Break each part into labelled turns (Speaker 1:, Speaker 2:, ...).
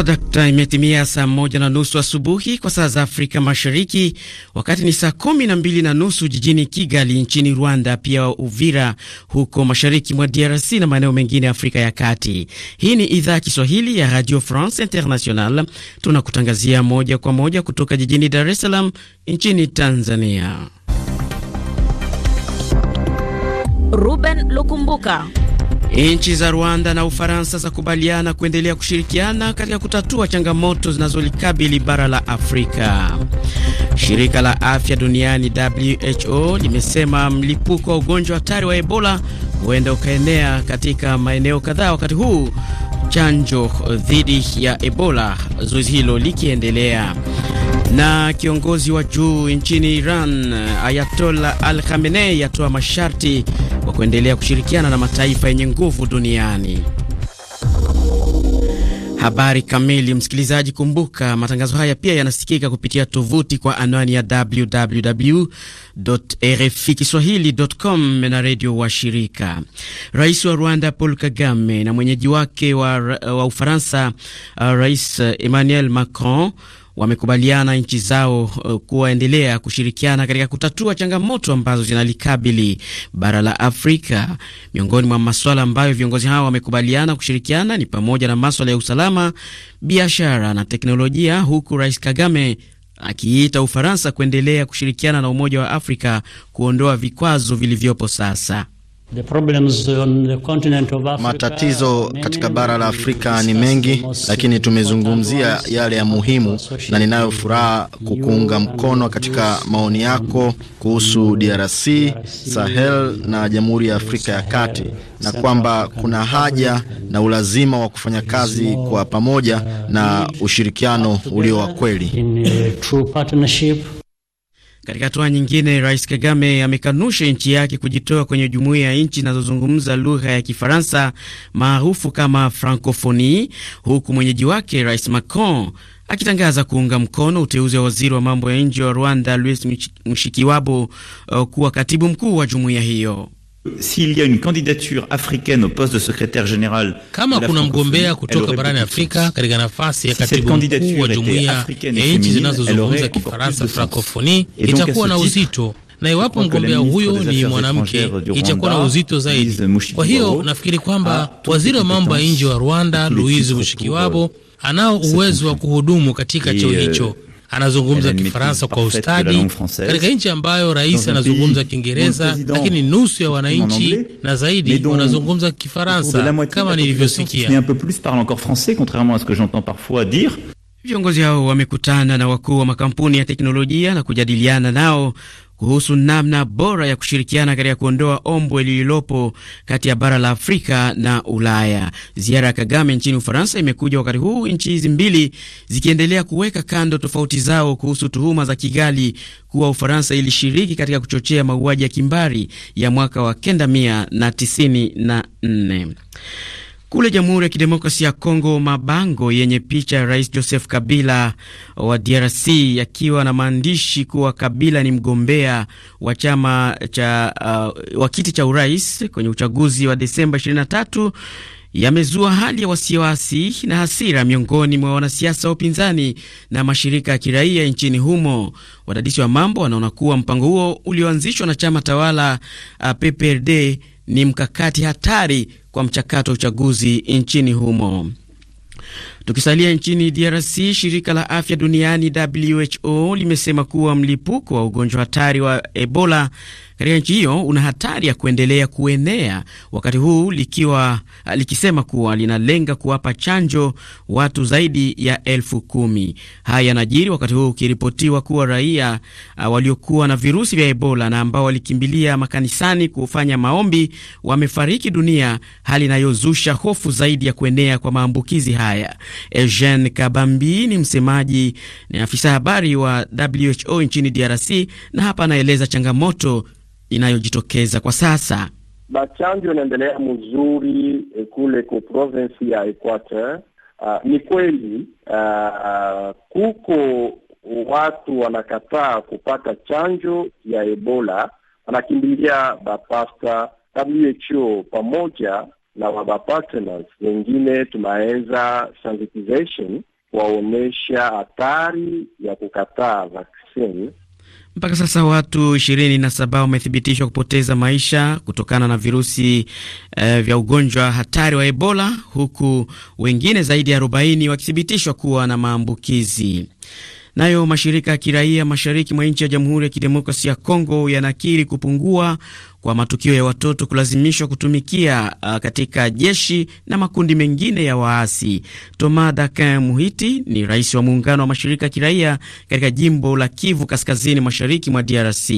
Speaker 1: dakta, imetimia saa moja na nusu asubuhi kwa saa za Afrika Mashariki, wakati ni saa kumi na mbili na nusu jijini Kigali nchini Rwanda, pia Uvira huko mashariki mwa DRC na maeneo mengine ya Afrika ya Kati. Hii ni idhaa ya Kiswahili ya Radio France International, tunakutangazia moja kwa moja kutoka jijini Dar es Salaam nchini Tanzania.
Speaker 2: Ruben Lukumbuka
Speaker 1: Nchi za Rwanda na Ufaransa zakubaliana kuendelea kushirikiana katika kutatua changamoto zinazolikabili bara la Afrika. Shirika la Afya Duniani WHO limesema mlipuko wa ugonjwa hatari wa Ebola huenda ukaenea katika maeneo kadhaa wakati huu chanjo dhidi ya Ebola, zoezi hilo likiendelea. Na kiongozi wa juu nchini Iran Ayatollah Al Khamenei atoa masharti kwa kuendelea kushirikiana na mataifa yenye nguvu duniani. Habari kamili, msikilizaji, kumbuka matangazo haya pia yanasikika kupitia tovuti kwa anwani ya kiswahilicom na redio wa shirika. Rais wa Rwanda Paul Kagame na mwenyeji wake wa, wa Ufaransa uh, Rais Emmanuel Macron wamekubaliana nchi zao uh, kuwaendelea kushirikiana katika kutatua changamoto ambazo zinalikabili bara la Afrika. Miongoni mwa maswala ambayo viongozi hao wamekubaliana kushirikiana ni pamoja na maswala ya usalama, biashara na teknolojia, huku Rais Kagame akiita Ufaransa kuendelea kushirikiana na Umoja wa Afrika kuondoa vikwazo vilivyopo sasa.
Speaker 3: The problems on the continent of Africa, matatizo katika bara la Afrika ni mengi, lakini tumezungumzia yale ya muhimu, na ninayo furaha kukuunga mkono katika maoni yako kuhusu DRC, e Sahel na Jamhuri ya Afrika ya Kati, na kwamba kuna haja na ulazima wa kufanya kazi kwa pamoja uh, na ushirikiano ulio wa kweli.
Speaker 1: Katika hatua nyingine, Rais Kagame amekanusha nchi yake kujitoa kwenye jumuiya ya nchi zinazozungumza lugha ya Kifaransa maarufu kama francofoni huku mwenyeji wake Rais Macron akitangaza kuunga mkono uteuzi wa waziri wa mambo ya nje wa Rwanda Louis Mushikiwabo uh, kuwa katibu mkuu wa jumuiya hiyo.
Speaker 4: S'il y a une candidature africaine au poste de secrétaire général, kama kuna mgombea kutoka barani Afrika katika nafasi ya katibu mkuu wa jumuiya ya nchi zinazozungumza Kifaransa francophonie itakuwa na uzito na iwapo mgombea huyo ni mwanamke itakuwa na uzito zaidi. Kwa hiyo nafikiri kwamba waziri wa mambo ya nje wa Rwanda Louise Mushikiwabo euh, anao uwezo wa kuhudumu katika cheo euh, hicho anazungumza Kifaransa kwa ustadi katika nchi ambayo rais anazungumza Kiingereza, lakini nusu ya wananchi na zaidi wanazungumza Kifaransa kama nilivyosikia.
Speaker 1: Viongozi hao wamekutana na wakuu wa makampuni ya teknolojia na kujadiliana nao kuhusu namna bora ya kushirikiana katika kuondoa ombwe lililopo kati ya bara la Afrika na Ulaya. Ziara ya Kagame nchini Ufaransa imekuja wakati huu nchi hizi mbili zikiendelea kuweka kando tofauti zao kuhusu tuhuma za Kigali kuwa Ufaransa ilishiriki katika kuchochea mauaji ya kimbari ya mwaka wa kenda mia na tisini na nne. Kule Jamhuri ya Kidemokrasia ya Kongo, mabango yenye picha ya Rais Joseph Kabila wa DRC yakiwa na maandishi kuwa Kabila ni mgombea wa chama cha uh, wa kiti cha urais kwenye uchaguzi wa Desemba 23 yamezua hali ya wasiwasi na hasira miongoni mwa wanasiasa wa upinzani na mashirika ya kiraia nchini humo. Wadadisi wa mambo wanaona kuwa mpango huo ulioanzishwa na chama tawala uh, PPRD ni mkakati hatari kwa mchakato wa uchaguzi nchini humo. Tukisalia nchini DRC, shirika la afya duniani WHO limesema kuwa mlipuko wa ugonjwa hatari wa Ebola katika nchi hiyo una hatari ya kuendelea kuenea, wakati huu likiwa likisema kuwa linalenga kuwapa chanjo watu zaidi ya elfu kumi. Haya yanajiri wakati huu ukiripotiwa kuwa raia uh, waliokuwa na virusi vya Ebola na ambao walikimbilia makanisani kufanya maombi wamefariki dunia, hali inayozusha hofu zaidi ya kuenea kwa maambukizi haya. Eugene Kabambi ni msemaji na afisa habari wa WHO nchini DRC, na hapa anaeleza changamoto inayojitokeza kwa sasa.
Speaker 5: chanjo inaendelea mzuri eh, kule ku province ya Equateur. Uh, ni kweli uh, kuko watu wanakataa kupata chanjo ya Ebola, wanakimbilia bapasta WHO pamoja na waba partners wengine, tunaweza sensitization kuwaonyesha hatari ya kukataa vaccine.
Speaker 1: Mpaka sasa watu ishirini na saba wamethibitishwa kupoteza maisha kutokana na virusi eh, vya ugonjwa hatari wa Ebola, huku wengine zaidi ya arobaini wakithibitishwa kuwa na maambukizi. Nayo mashirika ya kiraia mashariki mwa nchi ya Jamhuri ya Kidemokrasia ya Kongo yanakiri kupungua kwa matukio ya watoto kulazimishwa kutumikia uh, katika jeshi na makundi mengine ya waasi. tomas Dakin Muhiti ni rais wa muungano wa mashirika ya kiraia katika jimbo la Kivu Kaskazini mashariki mwa DRC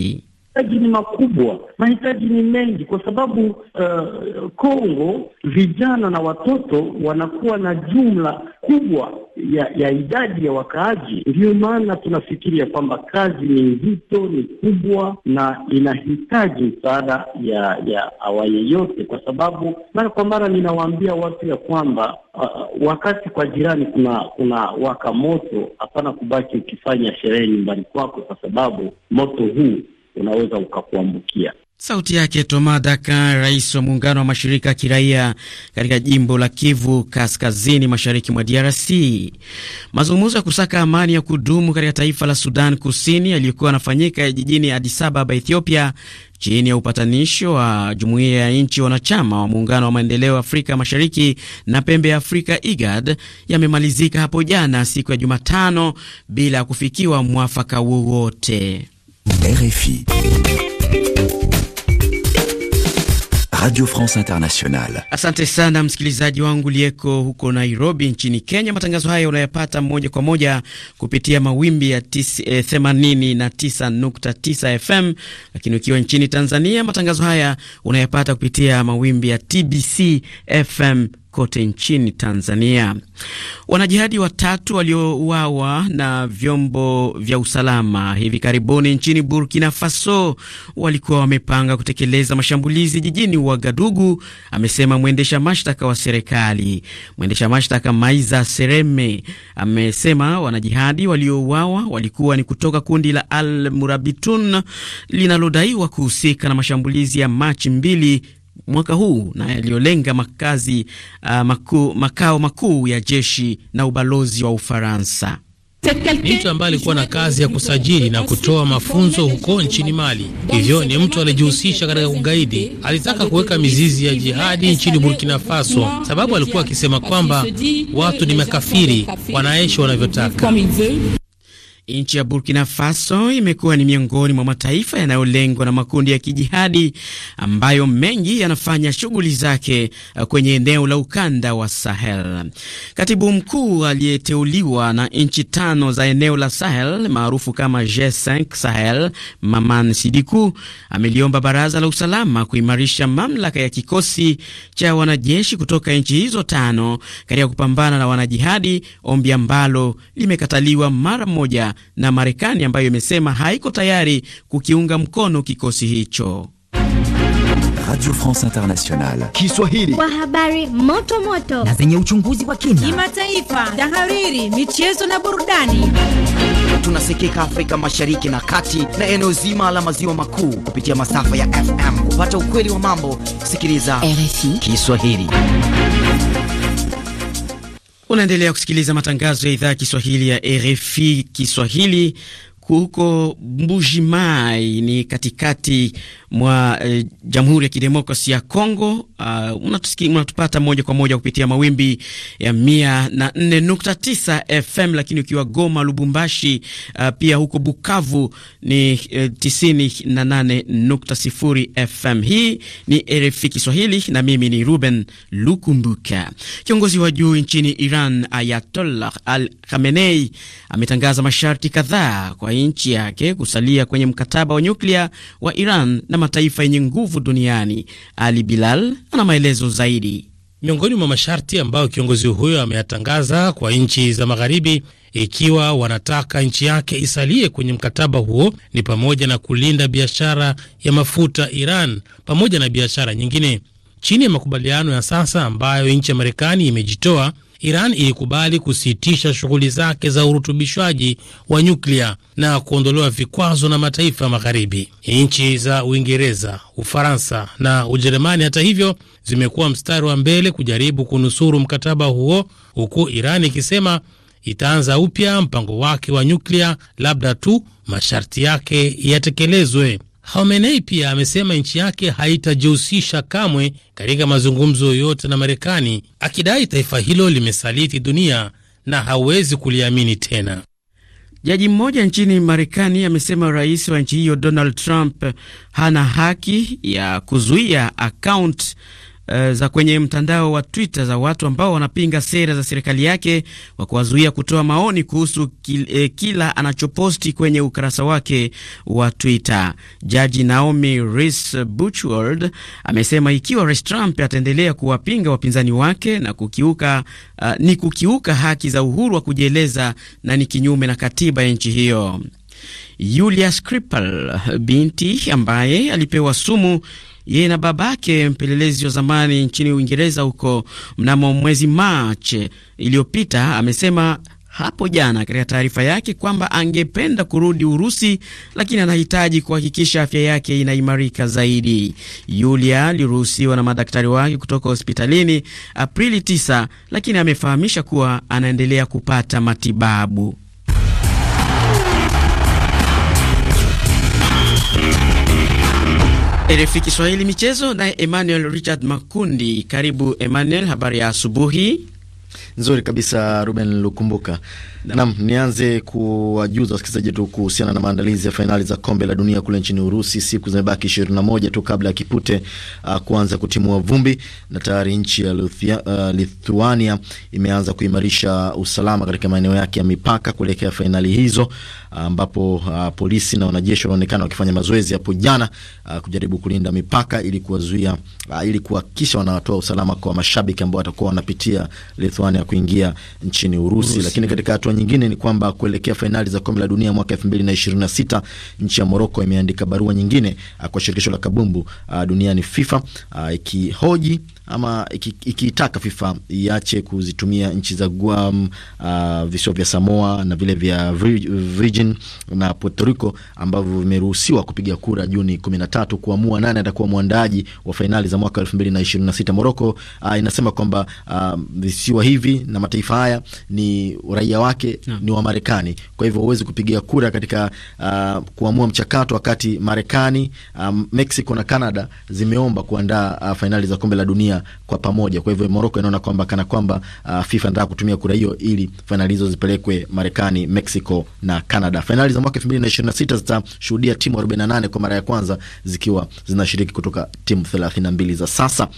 Speaker 5: mahitaji ni makubwa, mahitaji ni mengi, kwa sababu uh, Kongo vijana na watoto wanakuwa na jumla kubwa ya, ya idadi ya wakaaji. Ndiyo maana tunafikiria kwamba kazi ni nzito, ni kubwa na inahitaji msaada ya ya awa yeyote, kwa sababu mara kwa mara ninawaambia watu ya kwamba uh, wakati kwa jirani kuna kuna waka moto, hapana kubaki ukifanya sherehe nyumbani kwako, kwa sababu moto huu unaweza ukakuambukia.
Speaker 1: Sauti yake Toma rais wa muungano wa mashirika ya kiraia katika jimbo la Kivu kaskazini mashariki mwa DRC. Mazungumzo ya kusaka amani ya kudumu katika taifa la Sudan Kusini yaliyokuwa yanafanyika jijini Addis Ababa, Ethiopia, chini ya upatanisho wa jumuiya ya nchi wanachama wa muungano wa maendeleo Afrika Mashariki na pembe ya Afrika IGAD yamemalizika hapo jana siku ya Jumatano bila ya kufikiwa mwafaka wowote. RFI.
Speaker 6: Radio France Internationale.
Speaker 1: Asante sana msikilizaji wangu liyeko huko Nairobi nchini Kenya. Matangazo haya unayapata moja kwa moja kupitia mawimbi ya 89.9 eh, FM, lakini ukiwa nchini Tanzania, matangazo haya unayapata kupitia mawimbi ya TBC FM kote nchini Tanzania. Wanajihadi watatu waliouawa na vyombo vya usalama hivi karibuni nchini Burkina Faso walikuwa wamepanga kutekeleza mashambulizi jijini Wagadugu, amesema mwendesha mashtaka wa serikali. Mwendesha mashtaka Maiza Sereme amesema wanajihadi waliouawa walikuwa ni kutoka kundi la Al Murabitun linalodaiwa kuhusika na mashambulizi ya Machi mbili mwaka huu na yaliyolenga makazi uh, maku, makao makuu ya jeshi na ubalozi wa Ufaransa.
Speaker 4: Ni mtu ambaye alikuwa na kazi ya kusajili na kutoa mafunzo huko nchini Mali, hivyo ni mtu alijihusisha katika ugaidi. Alitaka kuweka mizizi ya jihadi nchini Burkina Faso, sababu
Speaker 1: alikuwa akisema kwamba watu ni makafiri, wanaishi wanavyotaka. Nchi ya Burkina Faso imekuwa ni miongoni mwa mataifa yanayolengwa na makundi ya kijihadi ambayo mengi yanafanya shughuli zake uh, kwenye eneo la ukanda wa Sahel. Katibu mkuu aliyeteuliwa na nchi tano za eneo la Sahel maarufu kama G5 Sahel, Maman Sidiku ameliomba baraza la usalama kuimarisha mamlaka ya kikosi cha wanajeshi kutoka nchi hizo tano katika kupambana na wanajihadi, ombi ambalo limekataliwa mara moja na Marekani ambayo imesema haiko tayari kukiunga mkono kikosi hicho.
Speaker 3: Radio France Internationale Kiswahili, kwa
Speaker 2: habari moto moto na
Speaker 3: zenye uchunguzi wa kina,
Speaker 2: kimataifa, tahariri, michezo na burudani.
Speaker 1: Tunasikika Afrika Mashariki na Kati na eneo zima la maziwa makuu kupitia masafa ya FM. Kupata ukweli wa mambo, sikiliza RFI
Speaker 7: Kiswahili.
Speaker 1: Unaendelea kusikiliza matangazo ya idhaa ya Kiswahili ya RFI Kiswahili huko Mbujimai ni katikati mwa e, Jamhuri ya Kidemokrasi ya Kongo. Uh, unatupata moja kwa moja kupitia mawimbi ya mia na nne nukta tisa FM, lakini ukiwa Goma, Lubumbashi, uh, pia huko Bukavu ni e, tisini na nane nukta sifuri FM. Hii ni RFI Kiswahili na mimi ni Ruben Lukumbuka. Kiongozi wa juu nchini Iran Ayatollah Al Khamenei ametangaza masharti kadhaa kwa nchi yake kusalia kwenye mkataba wa nyuklia wa Iran na mataifa yenye nguvu duniani. Ali Bilal ana maelezo zaidi. Miongoni mwa
Speaker 4: masharti ambayo kiongozi huyo ameyatangaza kwa nchi za Magharibi ikiwa wanataka nchi yake isalie kwenye mkataba huo ni pamoja na kulinda biashara ya mafuta Iran pamoja na biashara nyingine. Chini ya makubaliano ya sasa ambayo nchi ya Marekani imejitoa Iran ilikubali kusitisha shughuli zake za urutubishwaji wa nyuklia na kuondolewa vikwazo na mataifa Magharibi. Nchi za Uingereza, Ufaransa na Ujerumani, hata hivyo, zimekuwa mstari wa mbele kujaribu kunusuru mkataba huo, huku Iran ikisema itaanza upya mpango wake wa nyuklia, labda tu masharti yake yatekelezwe. Khamenei pia amesema nchi yake haitajihusisha kamwe katika mazungumzo yoyote na Marekani, akidai taifa hilo limesaliti dunia na hawezi kuliamini tena.
Speaker 1: Jaji mmoja nchini Marekani amesema rais wa nchi hiyo Donald Trump hana haki ya kuzuia akaunti Eh, za kwenye mtandao wa Twitter za watu ambao wanapinga sera za serikali yake kwa kuwazuia kutoa maoni kuhusu kil, eh, kila anachoposti kwenye ukurasa wake wa Twitter. Jaji Naomi Rees Buchwald amesema ikiwa Rais Trump ataendelea kuwapinga wapinzani wake na kukiuka, uh, ni kukiuka haki za uhuru wa kujieleza na ni kinyume na katiba ya nchi hiyo. Yulia Skripal binti ambaye alipewa sumu yeye na babake mpelelezi wa zamani nchini Uingereza huko mnamo mwezi Machi iliyopita, amesema hapo jana katika taarifa yake kwamba angependa kurudi Urusi, lakini anahitaji kuhakikisha afya yake inaimarika zaidi. Yulia aliruhusiwa na madaktari wake kutoka hospitalini Aprili 9, lakini amefahamisha kuwa anaendelea kupata matibabu. RFI Kiswahili michezo, naye Emmanuel Richard Makundi. Karibu Emmanuel, habari ya
Speaker 3: asubuhi. Nzuri kabisa Ruben Lukumbuka. Naam, nianze kuwajuza wasikilizaji tu kuhusiana na maandalizi ya fainali za kombe la dunia kule nchini Urusi. Siku zimebaki ishirini na moja tu kabla ya kipute uh, kuanza kutimua vumbi, na tayari nchi ya Luthia, uh, Lithuania imeanza kuimarisha usalama katika maeneo yake ya mipaka kuelekea fainali hizo, ambapo uh, uh, polisi na wanajeshi wanaonekana wakifanya mazoezi hapo jana uh, kujaribu kulinda mipaka ili kuwazuia uh, ili kuhakikisha wanatoa usalama kwa mashabiki ambao watakuwa wanapitia Lithuania michuano ya kuingia nchini Urusi. Urusi. Lakini katika hatua nyingine ni kwamba kuelekea fainali za kombe la dunia mwaka elfu mbili na na ishirini sita nchi ya Moroko imeandika barua nyingine ah, kwa shirikisho la kabumbu ah, duniani FIFA ah, ikihoji ama ikiitaka iki FIFA iache kuzitumia nchi za Guam, uh, visiwa vya Samoa na vile vya Virgin na Puerto Rico ambavyo vimeruhusiwa kupiga kura Juni 13 kuamua nani atakuwa mwandaaji wa fainali za mwaka 2026. Moroko uh, inasema kwamba uh, visiwa hivi hivi na mataifa haya ni raia wake ni wa Marekani. Kwa hivyo huwezi kupigia kura katika uh, kuamua mchakato wakati Marekani um, Mexico na Canada zimeomba kuandaa uh, ah, fainali za kombe la dunia kwa pamoja. Kwa hivyo Moroko inaona kwamba kana kwamba uh, FIFA inataka kutumia kura hiyo ili fainali hizo zipelekwe Marekani, Mexico na Canada. Fainali za mwaka 2026 zitashuhudia timu 48 kwa mara ya kwanza zikiwa zinashiriki kutoka timu 32 za sasa.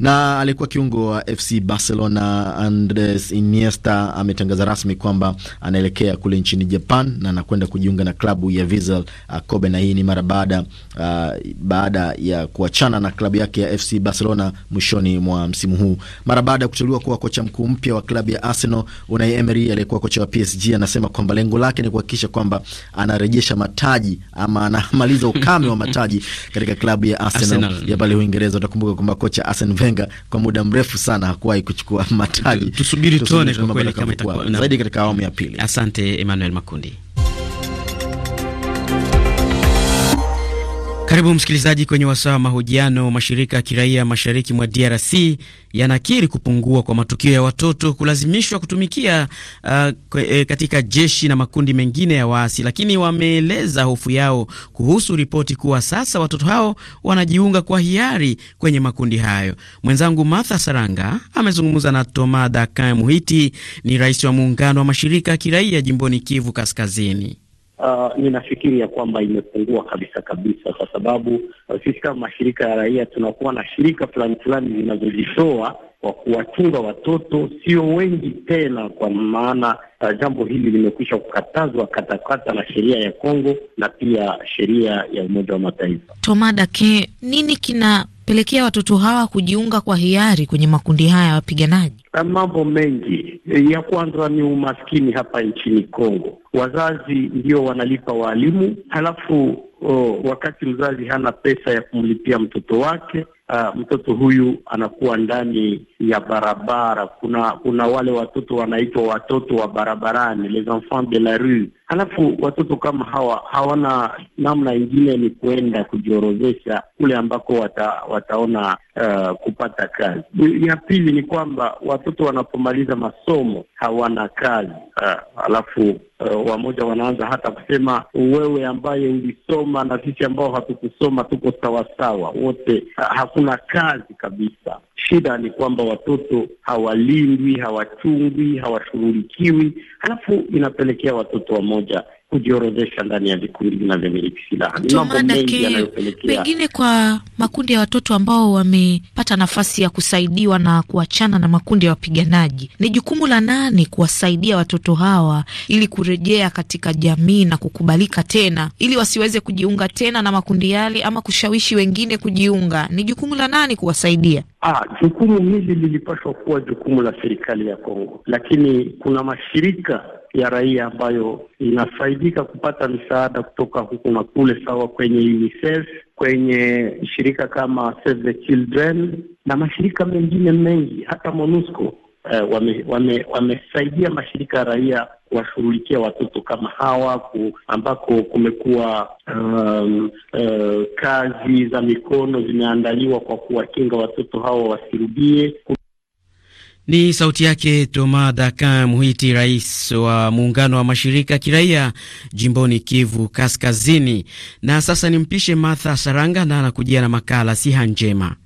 Speaker 3: Na aliyekuwa kiungo wa FC Barcelona Andres Iniesta ametangaza rasmi kwamba anaelekea kule nchini Japan na anakwenda kujiunga na klabu ya Vissel uh, Kobe, na hii ni mara baada uh, baada ya kuachana na klabu yake ya FC Barcelona mwishoni mwa msimu huu. Mara baada ya kuteuliwa kuwa kocha mkuu mpya wa klabu ya Arsenal, Unai Emery aliyekuwa kocha wa PSG anasema kwamba lengo lake ni kuhakikisha kwamba anarejesha mataji ama anamaliza ukame wa mataji katika klabu ya Arsenal, Arsenal ya pale Uingereza. Utakumbuka kwamba kocha Arsene Wenger kwa muda mrefu sana hakuwahi kuchukua mataji. Tusubiri tuone kwa kweli kama itakuwa zaidi
Speaker 1: katika awamu ya pili. Asante Emmanuel Makundi. Karibu msikilizaji kwenye wasaa wa mahojiano. Mashirika ya kiraia mashariki mwa DRC yanakiri kupungua kwa matukio ya watoto kulazimishwa kutumikia uh, e, katika jeshi na makundi mengine ya waasi, lakini wameeleza hofu yao kuhusu ripoti kuwa sasa watoto hao wanajiunga kwa hiari kwenye makundi hayo. Mwenzangu Martha Saranga amezungumza na Toma Dakin Muhiti, ni rais wa muungano wa mashirika ya kiraia jimboni Kivu Kaskazini
Speaker 5: uh, ah, ninafikiri ya kwamba imepungua kabisa kabisa, kwa sababu uh, sisi kama mashirika ya raia tunakuwa na shirika fulani fulani zinazojitoa kwa kuwatunga watoto, sio wengi tena, kwa maana uh, jambo hili limekwisha kukatazwa katakata na sheria ya Kongo na pia sheria ya Umoja wa Mataifa.
Speaker 2: Tomada ke nini kina kupelekea watoto hawa kujiunga kwa hiari kwenye makundi haya ya wapiganaji?
Speaker 5: Mambo mengi. Eh, ya kwanza ni umaskini hapa nchini Kongo, wazazi ndio wanalipa waalimu, halafu oh, wakati mzazi hana pesa ya kumlipia mtoto wake Uh, mtoto huyu anakuwa ndani ya barabara. Kuna kuna wale watoto wanaitwa watoto wa barabarani, les enfants de la rue, Halafu watoto kama hawa hawana namna ingine, ni kuenda kujiorodhesha kule ambako wata, wataona uh, kupata kazi. Ya pili ni kwamba watoto wanapomaliza masomo hawana kazi uh, halafu Uh, wamoja wanaanza hata kusema wewe ambaye ulisoma na sisi ambao hatukusoma tuko sawasawa wote. Uh, hakuna kazi kabisa. Shida ni kwamba watoto hawalindwi, hawachungwi, hawashughulikiwi, halafu inapelekea watoto wamoja kujiorodhesha ndani ya vikundi vinavyomiliki silaha. Ni mambo mengi yanayopelekea pengine
Speaker 2: kwa makundi ya watoto ambao wamepata nafasi ya kusaidiwa na kuachana na makundi ya wapiganaji, ni jukumu la nani kuwasaidia watoto hawa ili kurejea katika jamii na kukubalika tena, ili wasiweze kujiunga tena na makundi yale ama kushawishi wengine kujiunga? Ni jukumu la nani kuwasaidia? Ah,
Speaker 5: jukumu hili lilipaswa kuwa jukumu la serikali ya Kongo, lakini kuna mashirika ya raia ambayo inafaidika kupata misaada kutoka huku na kule, sawa kwenye UNICEF, kwenye shirika kama Save the Children na mashirika mengine mengi, hata MONUSCO eh, wame, wame, wamesaidia mashirika ya raia kuwashughulikia watoto kama hawa ku, ambako kumekuwa um, uh, kazi za mikono zimeandaliwa kwa kuwakinga watoto hawa wasirudie.
Speaker 1: Ni sauti yake Toma Dakan Mhiti, rais wa muungano wa mashirika kiraia jimboni Kivu Kaskazini. Na sasa nimpishe Martha Saranga na anakujia na makala siha njema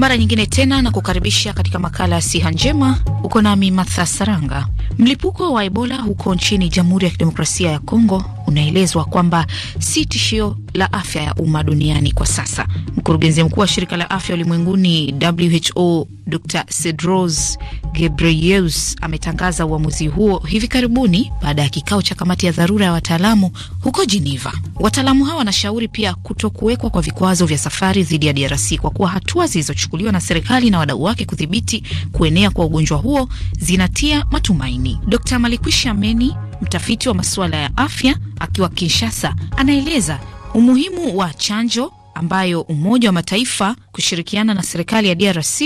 Speaker 2: mara nyingine tena na kukaribisha katika makala ya siha njema, uko nami matha Saranga. Mlipuko wa Ebola huko nchini Jamhuri ya Kidemokrasia ya Kongo unaelezwa kwamba si tishio la afya ya umma duniani kwa sasa. Mkurugenzi mkuu wa shirika la afya ulimwenguni WHO Dr Cedros Gebreyesus ametangaza uamuzi huo hivi karibuni baada ya kikao cha kamati ya dharura ya wataalamu huko Geneva. Wataalamu hawa wanashauri pia kuto kuwekwa kwa vikwazo vya safari dhidi ya DRC kwa kuwa hatua zilizochukuliwa na serikali na wadau wake kudhibiti kuenea kwa ugonjwa huo zinatia matumaini. Dr Malikwisha Meni mtafiti wa masuala ya afya akiwa Kinshasa, anaeleza umuhimu wa chanjo ambayo Umoja wa Mataifa kushirikiana na serikali ya DRC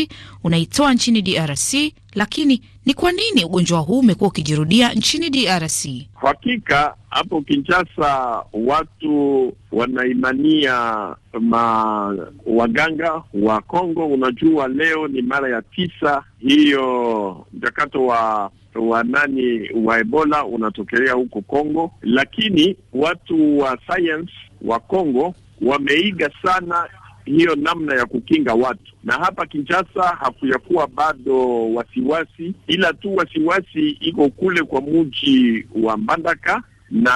Speaker 2: unaitoa nchini DRC. Lakini ni kwa nini ugonjwa huu umekuwa ukijirudia nchini DRC?
Speaker 6: Hakika hapo Kinshasa watu wanaimania ma waganga wa Kongo. Unajua, leo ni mara ya tisa hiyo mchakato wa wa nani wa Ebola unatokelea huko Kongo, lakini watu wa science wa Kongo wameiga sana hiyo namna ya kukinga watu, na hapa Kinshasa hakuyakuwa bado wasiwasi, ila tu wasiwasi iko kule kwa muji wa Mbandaka, na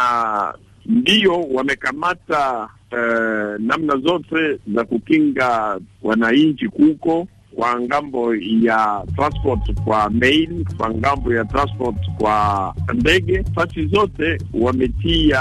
Speaker 6: ndiyo wamekamata eh, namna zote za kukinga wananchi kuko kwa ngambo ya transport kwa mail, kwa ngambo ya transport kwa ndege, fasi zote wametia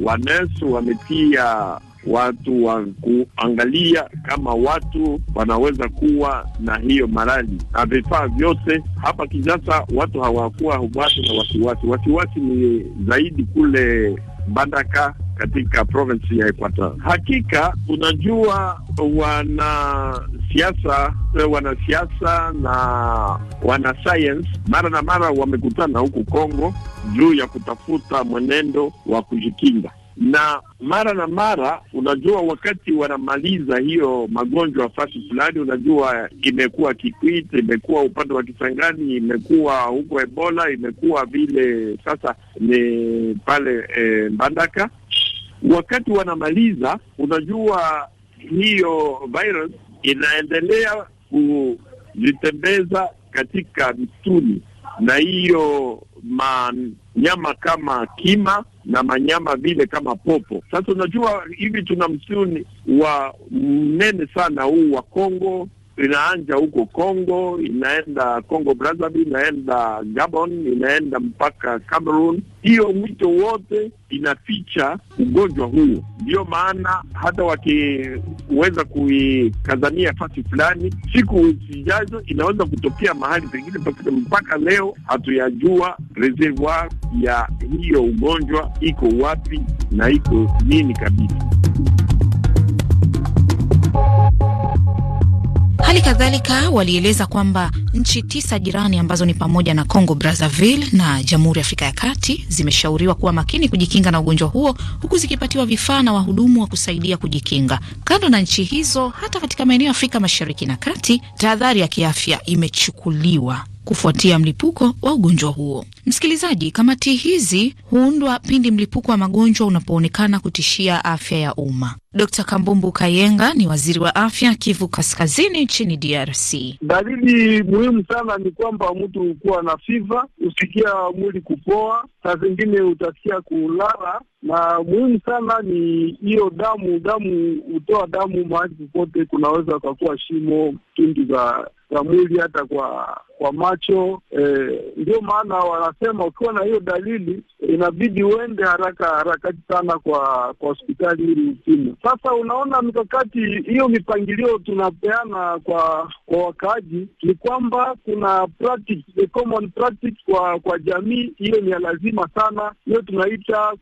Speaker 6: wanesu, wametia watu wa kuangalia kama watu wanaweza kuwa na hiyo marali na vifaa vyote. Hapa Kinshasa watu hawakuwa watu na wasiwasi. Wasiwasi ni zaidi kule Mbandaka katika provinsi ya Equator. Hakika unajua, wanasiasa eh, wanasiasa na science mara na mara wamekutana huku Kongo juu ya kutafuta mwenendo wa kujikinga na mara na mara, unajua wakati wanamaliza hiyo magonjwa fasi fulani, unajua imekuwa Kikwit, imekuwa upande wa Kisangani, imekuwa huko Ebola, imekuwa vile sasa ni pale e, Mbandaka. Wakati wanamaliza, unajua hiyo virus inaendelea kujitembeza katika msituni, na hiyo manyama kama kima na manyama vile kama popo. Sasa unajua hivi tuna msuni wa mnene sana huu wa Kongo inaanja huko Congo, inaenda Congo Brazzaville, inaenda Gabon, inaenda mpaka Cameroon. Hiyo mwito wote inaficha ugonjwa huo. Ndiyo maana hata wakiweza kuikazania fasi fulani, siku zijazo inaweza kutokea mahali pengine, mpaka leo hatuyajua reservoir ya hiyo ugonjwa iko wapi na iko nini kabisa.
Speaker 2: Hali kadhalika walieleza kwamba nchi tisa jirani ambazo ni pamoja na Congo Brazzaville na Jamhuri ya Afrika ya Kati zimeshauriwa kuwa makini kujikinga na ugonjwa huo huku zikipatiwa vifaa na wahudumu wa kusaidia kujikinga. Kando na nchi hizo, hata katika maeneo ya Afrika Mashariki na Kati, tahadhari ya kiafya imechukuliwa kufuatia mlipuko wa ugonjwa huo. Msikilizaji, kamati hizi huundwa pindi mlipuko wa magonjwa unapoonekana kutishia afya ya umma. Dkt Kambumbu Kayenga ni waziri wa afya Kivu Kaskazini nchini DRC. Dalili muhimu
Speaker 8: sana ni kwamba mtu kuwa na fiva, usikia mwili kupoa, saa zingine utasikia kulala, na muhimu sana ni hiyo damu. Damu hutoa damu mahali popote, kunaweza ukakuwa shimo, tundu za za mwili hata kwa kwa macho. E, ndio maana wanasema ukiwa na hiyo dalili inabidi uende haraka harakati sana kwa kwa hospitali ili upime. Sasa unaona, mikakati hiyo, mipangilio tunapeana kwa kwa wakaaji ni kwamba kuna practice, common practice kwa kwa jamii. Hiyo ni ya lazima sana, hiyo tunaita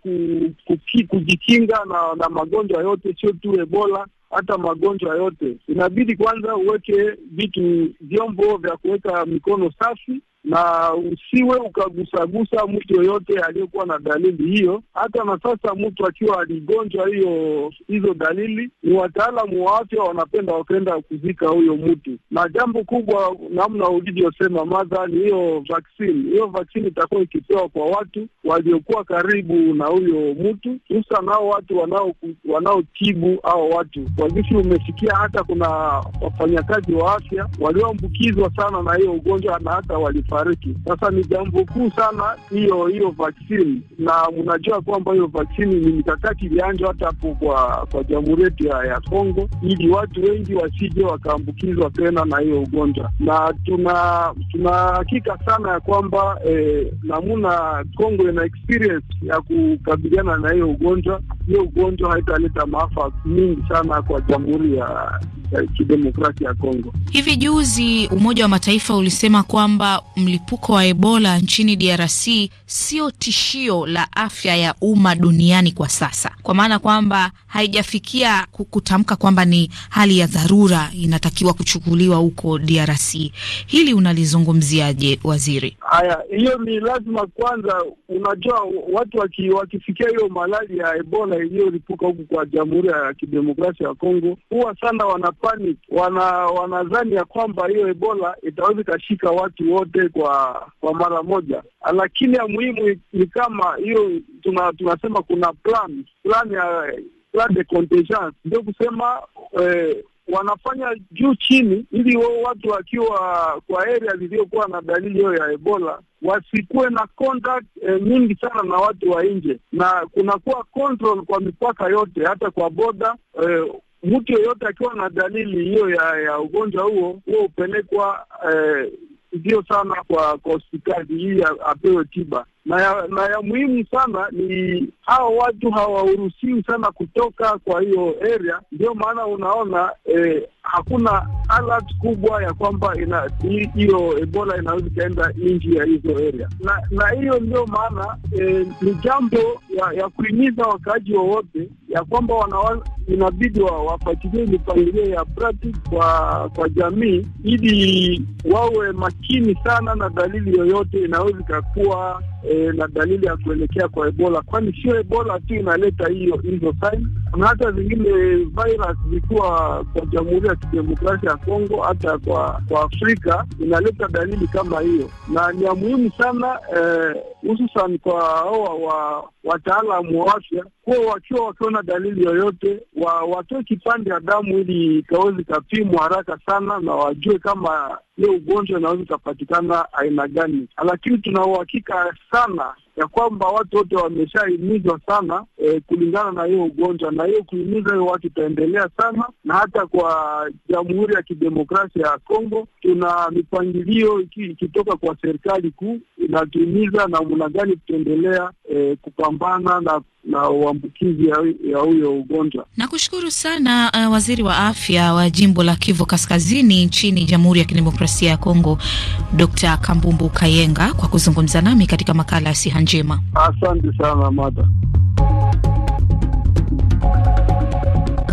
Speaker 8: kujikinga ku, na, na magonjwa yote, sio tu Ebola hata magonjwa yote inabidi kwanza uweke vitu vyombo vya kuweka mikono safi, na usiwe ukagusagusa mtu yoyote aliyekuwa na dalili hiyo. Hata na sasa mtu akiwa aligonjwa hiyo hizo dalili, ni wataalamu wa afya wanapenda wakaenda kuzika huyo mtu. Na jambo kubwa, namna ulivyosema madha, ni hiyo vaksini. Hiyo vaksini itakuwa ikipewa kwa watu waliokuwa karibu na huyo mtu, husa nao watu wanaotibu hao watu. Kwa jinsi umesikia, hata kuna wafanyakazi wa afya walioambukizwa sana na hiyo ugonjwa na hata walifa watafariki. Sasa ni jambo kuu sana hiyo hiyo vaksini, na mnajua kwamba hiyo vaksini ni mikakati ilianjwa hata hapo kwa kwa jamhuri yetu ya Kongo, ili watu wengi wasije wakaambukizwa tena na hiyo ugonjwa, na tuna tuna hakika sana ya kwamba eh, namuna Kongo ina experience ya kukabiliana na hiyo ugonjwa. Hiyo ugonjwa haitaleta maafa mingi sana kwa jamhuri ya, ya kidemokrasia ya Kongo.
Speaker 2: Hivi juzi Umoja wa Mataifa ulisema kwamba mlipuko wa Ebola nchini DRC sio tishio la afya ya umma duniani kwa sasa, kwa maana kwamba haijafikia kutamka kwamba ni hali ya dharura inatakiwa kuchukuliwa huko DRC. Hili unalizungumziaje, waziri?
Speaker 8: Haya, hiyo ni lazima kwanza. Unajua, watu waki, wakifikia hiyo malali ya Ebola iliyolipuka huku kwa Jamhuri ya Kidemokrasia ya Kongo, huwa sana wanapani, wana wanadhani ya kwamba hiyo Ebola itaweza ikashika watu wote kwa kwa mara moja, lakini ya muhimu ni kama hiyo tuna, tunasema kuna plan plan ya plan de contingence, ndio kusema eh, wanafanya juu chini ili wao watu wakiwa kwa area ziliyokuwa na dalili hiyo ya Ebola wasikuwe na contact eh, nyingi sana na watu wa nje, na kunakuwa control kwa mipaka yote, hata kwa boda eh, mtu yeyote akiwa na dalili hiyo ya, ya ugonjwa huo huo hupelekwa eh, msisitizio sana kwa kwa hospitali hii apewe tiba, na ya, na ya muhimu sana ni hawa watu hawaruhusiwi sana kutoka kwa hiyo area. Ndio maana unaona eh, hakuna alert kubwa ya kwamba hiyo Ebola inaweza ikaenda nji ya hizo area, na hiyo ndio maana e, ni jambo ya, ya kuhimiza wakaaji wowote ya kwamba inabidi wafuatilie mipangilio ya practice kwa kwa jamii ili wawe makini sana na dalili yoyote inaweza ikakuwa E, na dalili ya kuelekea kwa Ebola, kwani sio Ebola tu inaleta hiyo hizo sign, na hata zingine virus zikiwa kwa Jamhuri ya Kidemokrasia ya Kongo hata kwa, kwa Afrika inaleta dalili kama hiyo, na ni ya muhimu sana eh, hususan eh, kwa hao wa wataalamu wa afya kuwa wakiwa wakiona dalili yoyote wa, watoe kipande ya damu ili ikaweza ikapimwa haraka sana, na wajue kama hiyo ugonjwa inaweza ikapatikana aina gani. Lakini tuna uhakika sana ya kwamba watu wote wameshahimizwa sana e, kulingana na hiyo ugonjwa, na hiyo kuhimiza hiyo watu itaendelea sana, na hata kwa Jamhuri ya Kidemokrasia ya Kongo tuna mipangilio ikitoka kwa serikali kuu inatuimiza namna gani tutaendelea e, kupambana na na uambukizi ya huyo ugonjwa.
Speaker 2: Nakushukuru sana uh, waziri wa afya wa jimbo la Kivu Kaskazini nchini Jamhuri ya Kidemokrasia ya Kongo, Dr. Kambumbu Kayenga kwa kuzungumza nami katika makala ya Siha Njema. Asante sana mada.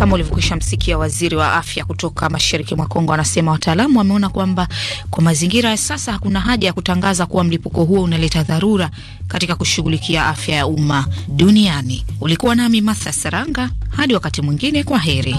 Speaker 2: Kama ulivyokwisha msikia, waziri wa afya kutoka mashariki mwa Kongo anasema wataalamu wameona kwamba kwa mazingira ya sasa hakuna haja ya kutangaza kuwa mlipuko huo unaleta dharura katika kushughulikia afya ya umma duniani. Ulikuwa nami Martha Saranga, hadi wakati mwingine, kwa heri.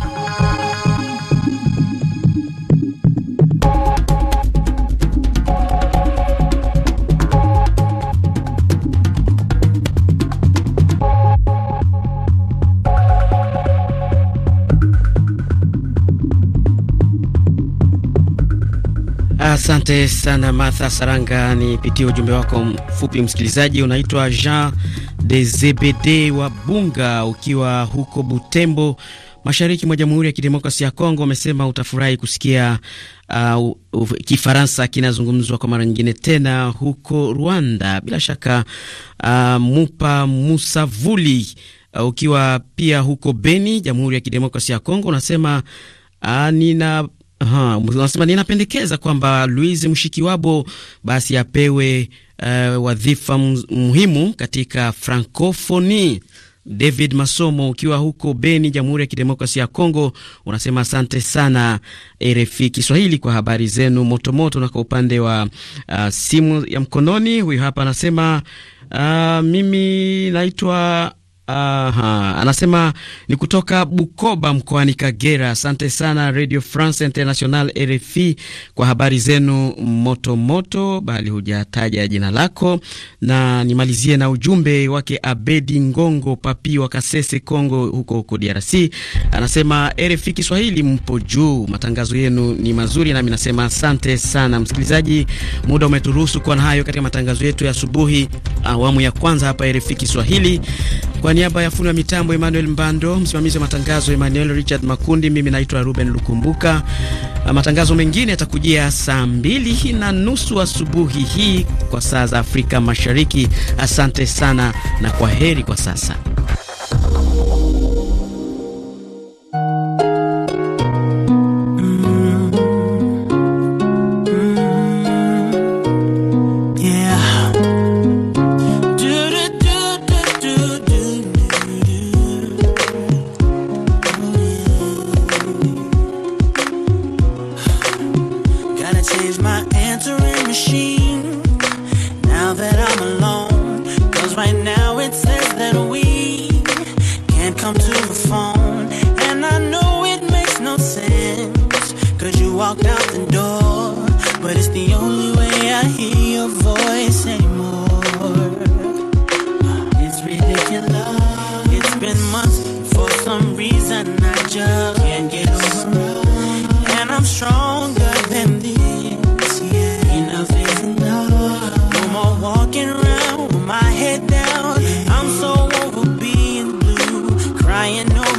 Speaker 1: Asante sana Martha Saranga. Nipitie ujumbe wako mfupi, msikilizaji. Unaitwa Jean de zbd wa Bunga, ukiwa huko Butembo, mashariki mwa Jamhuri ya kidemokrasi ya Kongo. Amesema utafurahi kusikia uh, uh, Kifaransa kinazungumzwa kwa mara nyingine tena huko Rwanda. Bila shaka uh, Mupa Musavuli uh, ukiwa pia huko Beni, Jamhuri ya kidemokrasi ya Kongo, unasema uh, nina Aha, nasema ninapendekeza kwamba Louise Mushikiwabo basi apewe uh, wadhifa muhimu katika Francophonie. David Masomo, ukiwa huko Beni, Jamhuri ya Kidemokrasia ya Kongo, unasema asante sana RFI Kiswahili kwa habari zenu motomoto. Na kwa upande wa uh, simu ya mkononi, huyu hapa anasema uh, mimi naitwa Aha, anasema ni kutoka Bukoba mkoani Kagera. Asante sana Radio France International RFI kwa habari zenu moto moto, bali hujataja jina lako. Na nimalizie na ujumbe wake Abedi Ngongo Papi wa Kasese Kongo, huko huko DRC. Anasema RFI Kiswahili mpo juu, matangazo yenu ni mazuri, nami nasema asante sana. Msikilizaji, muda umeturuhusu kuwa na hayo katika matangazo yetu ya asubuhi, awamu ya kwanza hapa RFI Kiswahili kwa niaba ya fundi wa mitambo Emmanuel Mbando, msimamizi wa matangazo Emmanuel Richard Makundi, mimi naitwa Ruben Lukumbuka. Matangazo mengine yatakujia saa mbili na nusu asubuhi hii kwa saa za Afrika Mashariki. Asante sana na kwa heri kwa sasa.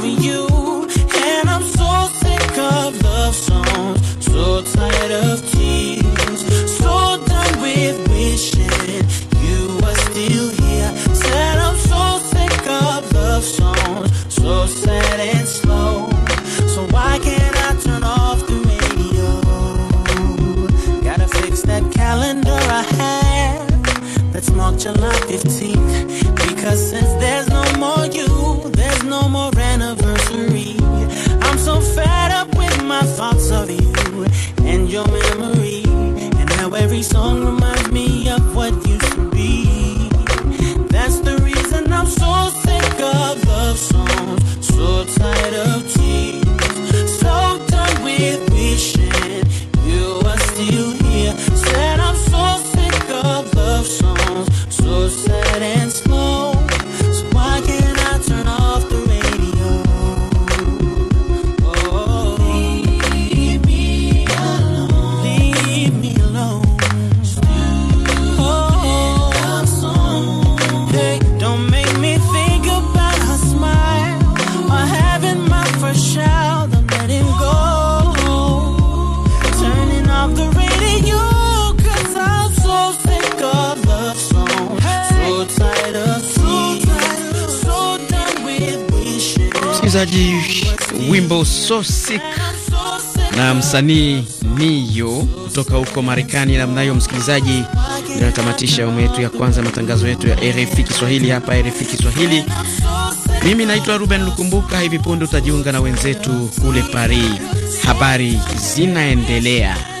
Speaker 1: loving you. Sosik na msanii Niyo kutoka huko Marekani. Namnayo msikilizaji, ndio awamu yetu ya kwanza matangazo yetu ya RFI Kiswahili hapa RFI Kiswahili. Mimi naitwa Ruben Lukumbuka. Hivi punde utajiunga na wenzetu kule Paris, habari zinaendelea.